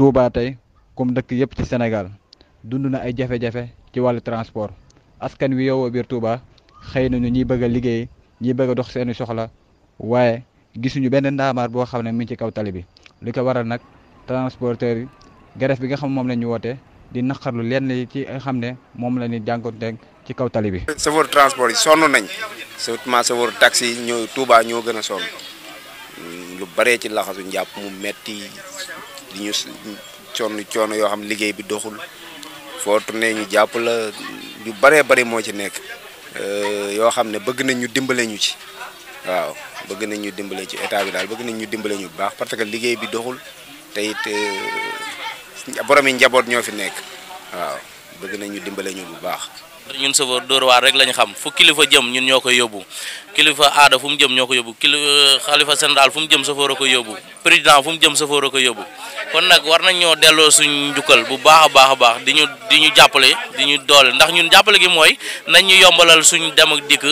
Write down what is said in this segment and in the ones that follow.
Touba tey comme dëkk yëpp ci senegal dund na ay jafe-jafe ci wàllu transport askan wi yow biir Touba xëy ñu ñiy bëgg a liggéey ñi bëgg a dox seeni soxla waaye gisuñu benn ndaamaar boo xam ne mi ci kaw tali bi li ko waral nag transporteur yi grève bi nga xam moom la ñu woote di naqarlu lenn yi ci xam ne moom la ñu jànkuwanteeg ci kaw tali bi. chauffeur transport yi sonn nañ sot surtout chauffeur taxi yi ñooy tuubaa ñoo gën a sonn lu baree ci laxasu njàpp mu metti di ñu sonn coono yoo xam liggéey bi doxul foo ne ñu jàpp la yu baree bari moo ci nekk euh, yoo xam ne bëgg nañ ñu dimbale ñu ci waaw bëgg nañ ñu dimbale ci état bi daal bëgg nañ ñu dimbale ñu baax parce que liggéey bi doxul te euh, boromi njaboot ñoo fi nekk waaw bëgg nañ ñu dimbale ñu bu baax. ñun Sëfër Dóor waar rek lañ xam fu kilifa jëm ñun ñoo koy yóbbu kilifa aada fu mu jëm ñoo ko yóbbu kilifa xalifa général fu mu jëm Sëfër a koy yóbbu. président fu mu jëm safoor a ko yóbbu kon nag war nañ ñoo delloo suñ njukkal bu baax a baax a baax di ñu di ñu jàppale di ñu doole ndax ñun jàppale gi mooy nañ ñu yombalal suñ dem ak dikk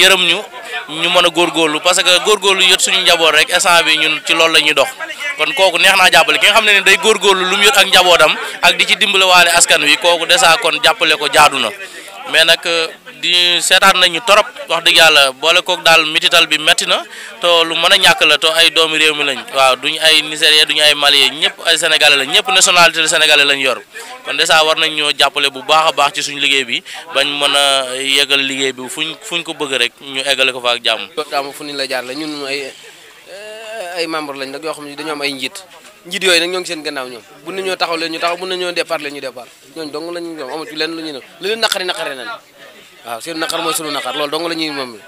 yërëm ñu ñu mën a góorgóorlu parce que góorgóorlu yot suñu njaboot rek instant ñun ci loolu la ñuy dox kon kooku neex naa jàppale ki nga xam ne day góorgóorlu lu mu yot ak njabootam ak di ci dimbale waale askan wi kooku desaa kon jàppale ko jaadu na mais nag euh, di seetaan nañu torop wax dëgg yàlla boole kook daal mitital bi metti na too lu mën a ñàkk la too ay doomi réew mi lañ waaw duñu ay nigérien duñu ay malien ñëpp ay sénégalais lañ ñëpp nationalité sénégalais lañ yor kon dèjà war nañ ñoo jàppale bu baax a baax ci suñu liggéey bi bañ mën a yeggal liggéey bi fu ñu fu fuñ ko bëgg rek ñu eggale ko fa ak jàmm. fu ñu la jaar la ñun ay ay membre lañ nag yoo xam ne dañoo am ay njiit. njid yoy nak ñong seen gannaaw ñom bu ñu ñoo taxaw leen ñu taxaw bu ñu ñoo départ leen ñu départ ñooñ dong lañu ñoom amatu leen lu ñu ne lu leen nakari nakare nañ waaw seen nakar moy suñu nakar lool dong la mom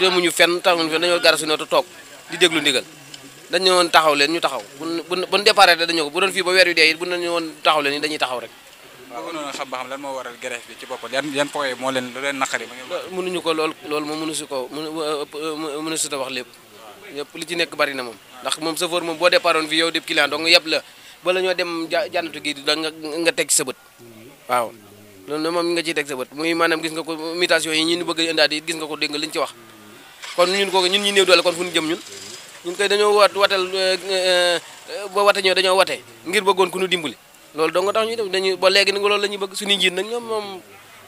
demu ñu fenn taxawuñu fenn dañoo gara suñu oto toog di deglu ndigal dañ ñoon taxaw leen ñu taxaw bu bu départ dañu ko bu doon fi ba wër yu dee it bu ñu ñoon taxaw leen dañuy taxaw rek bëgg noonu xam ba xam lan mo waral grève bi ci bop yan yan point mo leen lu leen nakari naqari ñu ko lool lool mo mënu si ko mënu si ta wax lepp ñepp li ci nekk bari na mom ndax moom chauffeur mom bo départoon fi yow dép client donc yeb la bala ñoo dem jànnatu gi da nga tek sa bët waaw loolu mom nga ci tek sa bët muy manam gis nga ko mutation yi ñi ñu bëgg indaat yi gis nga ko dégg liñ ci wax kon ñun kooku ñun ñi neew doole kon fu ñu jëm ñun ñun kay dañoo wat watal bo waté ñoo dañoo waté ngir bëggoon ku ñu dimbali loolu dong nga tax ñu def dañuy ba légui nga loolu lañu bëgg suñu jinn nak ñom mom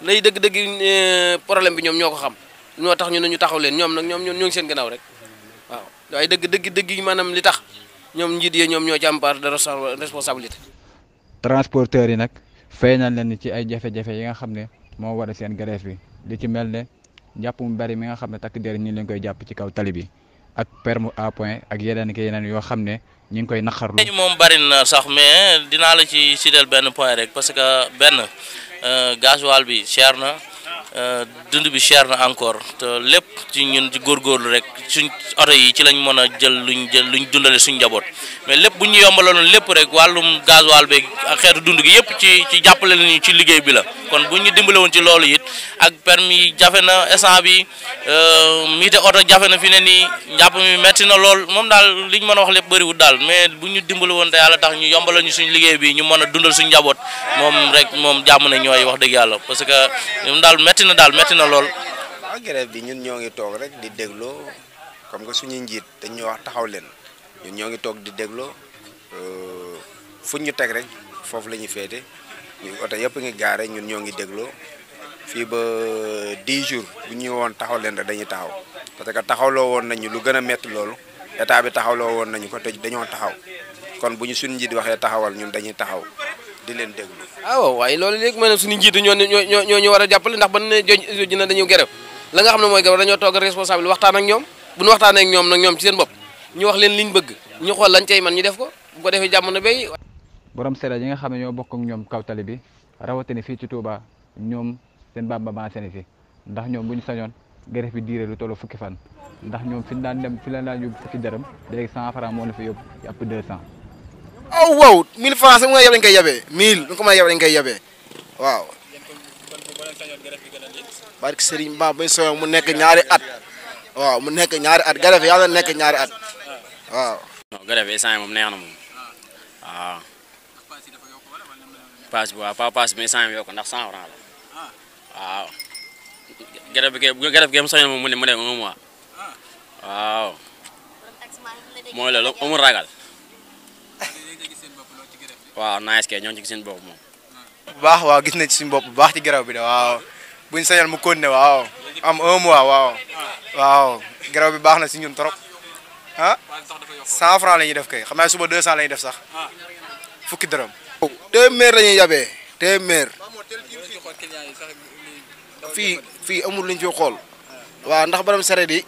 lay dëgg-dëgg euh, problème bi ñom ñoko xam ñoo tax ñu ñu taxaw leen ñom nak ñom ñoo ngi seen gënaaw rek waaye dëgg deug deug yi manam li tax ñom njiit ye ya ñom ño ci am part de responsabilité. transporteur yi nak feynal nañ ci ay jafé jafé yi nga xamné ne wara seen grève bi li ci melne ne mu bari mi nga xamné tak der ñi leen koy japp ci kaw tali bi ak permu a point ak yeneen ke yeneen yo xamné ne ngi koy naqarlu. léegi mom bari na sax mais dina la ci sidel ben point rek parce que euh gasoil bi cher na. Euh, dund bi cher na encore te lépp ci ñun ci góorgóorlu rek suñ oto yi ci lañ mën a jël luñ jël luñ dundale suñ njaboot mais lépp bu ñu yombaloon lépp rek wàllum gasoil beeg ak xeetu dund gi yëpp ci ci jàppale ñu ci liggéey bi la kon bu ñu dimbale ci loolu it ak permis jafe na essence bi euh, miite oto jafe na fi ne nii njàpp mi metti na lool moom daal li liñ mën a wax lépp bëriwul daal mais bu ñu dimbale woon te yàlla tax ñu yombaloon ñu suñ liggéey bi ñu mën a dundal suñ njaboot moom rek moom jàmm na ñooy wax dëgg yàlla parce que ñoom daal metti métti na daal métti na lool. waaw grève bi ñun ñoo ngi toog rek di dégloo comme que suñuy njiit dañ wax taxaw leen ñun ñoo ngi toog di dégloo euh, fu ñu teg rek foofu la ñuy féete ñun oto yëpp ngi gaare ñun ñoo ngi dégloo fii ba 10 jours bu ñuy woon taxaw leen rek dañuy taxaw parce que taxawloo woon nañu lu gën a métti loolu état bi taxawloo woon nañu ko te dañoo taxaw kon bu ñu suñu njiit waxee taxawal ñun dañuy taxaw. di leen déglu. Ah, waaw waaye loolu léegi mooy ne suñu njiitu ñoo ñoo ñoo ñu war a jàppale ndax ban ne jooju na dañu gerew la nga xam ne mooy gerew dañoo toog responsable waxtaan ak ñoom bu ñu waxtaanee ak ñoom nag ñoom ci seen bopp ñu wax leen liñ bëgg ñu xool lañ cay man ñu def ko bu ko defee jàmm na béy. borom seera yi nga xam ne ñoo bokk ak ñoom kawtali bi rawatina fii ci Touba ñoom seen bamba maasene fi ndax ñoom bu ñu sañoon grève bi diire lu tollu fukki fan ndax ñoom fi ñu daan dem fi la daan yóbbu fukki dërëm léegi cent franc moo la fi yóbbu yàpp deux cent aw oh, wow 1000 francs mu nga yeb dañ koy yebee 1000 lu ko mën yeb dañ koy yebee waaw. barke Serigne Ba mu nekk ñaari at waaw mu nekk ñaari at garab yàlla nekk ñaari at waaw. non garab yi instant neex na moom waaw. paas bi waaw pas paas bi yokk ndax 100 francs la waaw. garab gi garab gi am mu ne mu ne un mois waaw. mooy loolu amul ragal. waa nice kay ñoo ngi ci seen bopp bu baax waa gis nañ ci suñu bopp bu baax ci garab bi de waaw buñ sañal mu continuer waaw am un mois waaw waaw garab bi baax na si ñun trop ah 100 francs la def kay xam naa suba 200 la ñuy def sax fukki dërëm. téeméer la ñuy yabee téeméer fii fii amul luñ fi xool waaw ndax borom sareet yi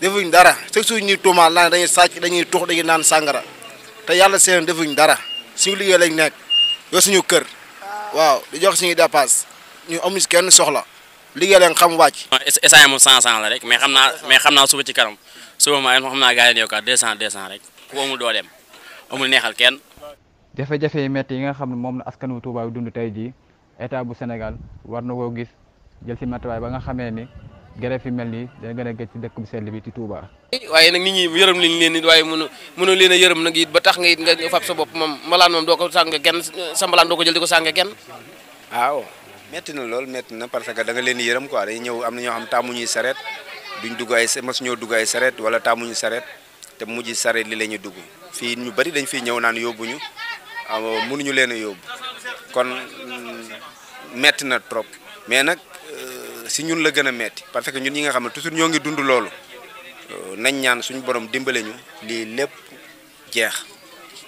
defuñ dara chaque jour ñuy tuumaal naan dañuy sàcc dañuy tux dañuy naan sàngara te yàlla seen defuñ dara. suñu liggéey lañ nekk yoo suñu kër ah. waaw di jox suñuy dépasse ñu amuñ kenn soxla liggéey lañ xam wàcc. Ah, essai moom 100 100 la rek mais xam naa mais xam naa suba ci kanam suba ma xam naa gars yi yokkaat 200 200 rek ku amul dooleem amul neexal kenn. jafe-jafe yi yi nga xam ne moom la askan wu Touba dund tey jii état bu senegal war na koo gis jël si matuwaay ba nga xamee ni grève fi mel nii dana gën a gëj ci dëkk bu sell bi ci waye nak nit ñi yërëm liñ leen nit waye mënu mënu leena a nak nag ba tax nga it nga fab sa bop mom malan mom doo ko sànge kenn sa malaan doo ko jël diko sang sànge kenn waaw metti na lool metti na parce que da nga leen yërëm quoi dañuy ñew am na ñoo xam taamuñuy saret duñ dugg ay mas ñoo dugg ay saret wala tamu taamuñu saret te muji saret li lañu ñu dugg fii ñu bari dañ fi ñew naan yóbbuñu ah, mënu ñu leena yóbbu kon mm, metti na trop mais nak euh, si ñun la gëna metti parce que ñun yi nga xam ne toujours ñoo ngi dund loolu Euh, nañ ñaan suñu borom dimbale ñu lii lépp jeex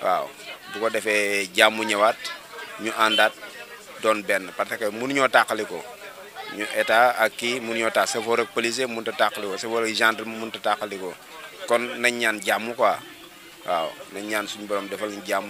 waaw bu ko defee jàmm ñëwaat ñu àndaat doon benn parce que mënuñoo tàqali ko ñu état ak kii mënuñoo taax safoor ak policier mënut a tàqali ko safoor ak gendarme mënut a tàqali ko kon nañ ñaan jàmm quoi waaw nañ ñaan suñu borom defal ñu jàmm.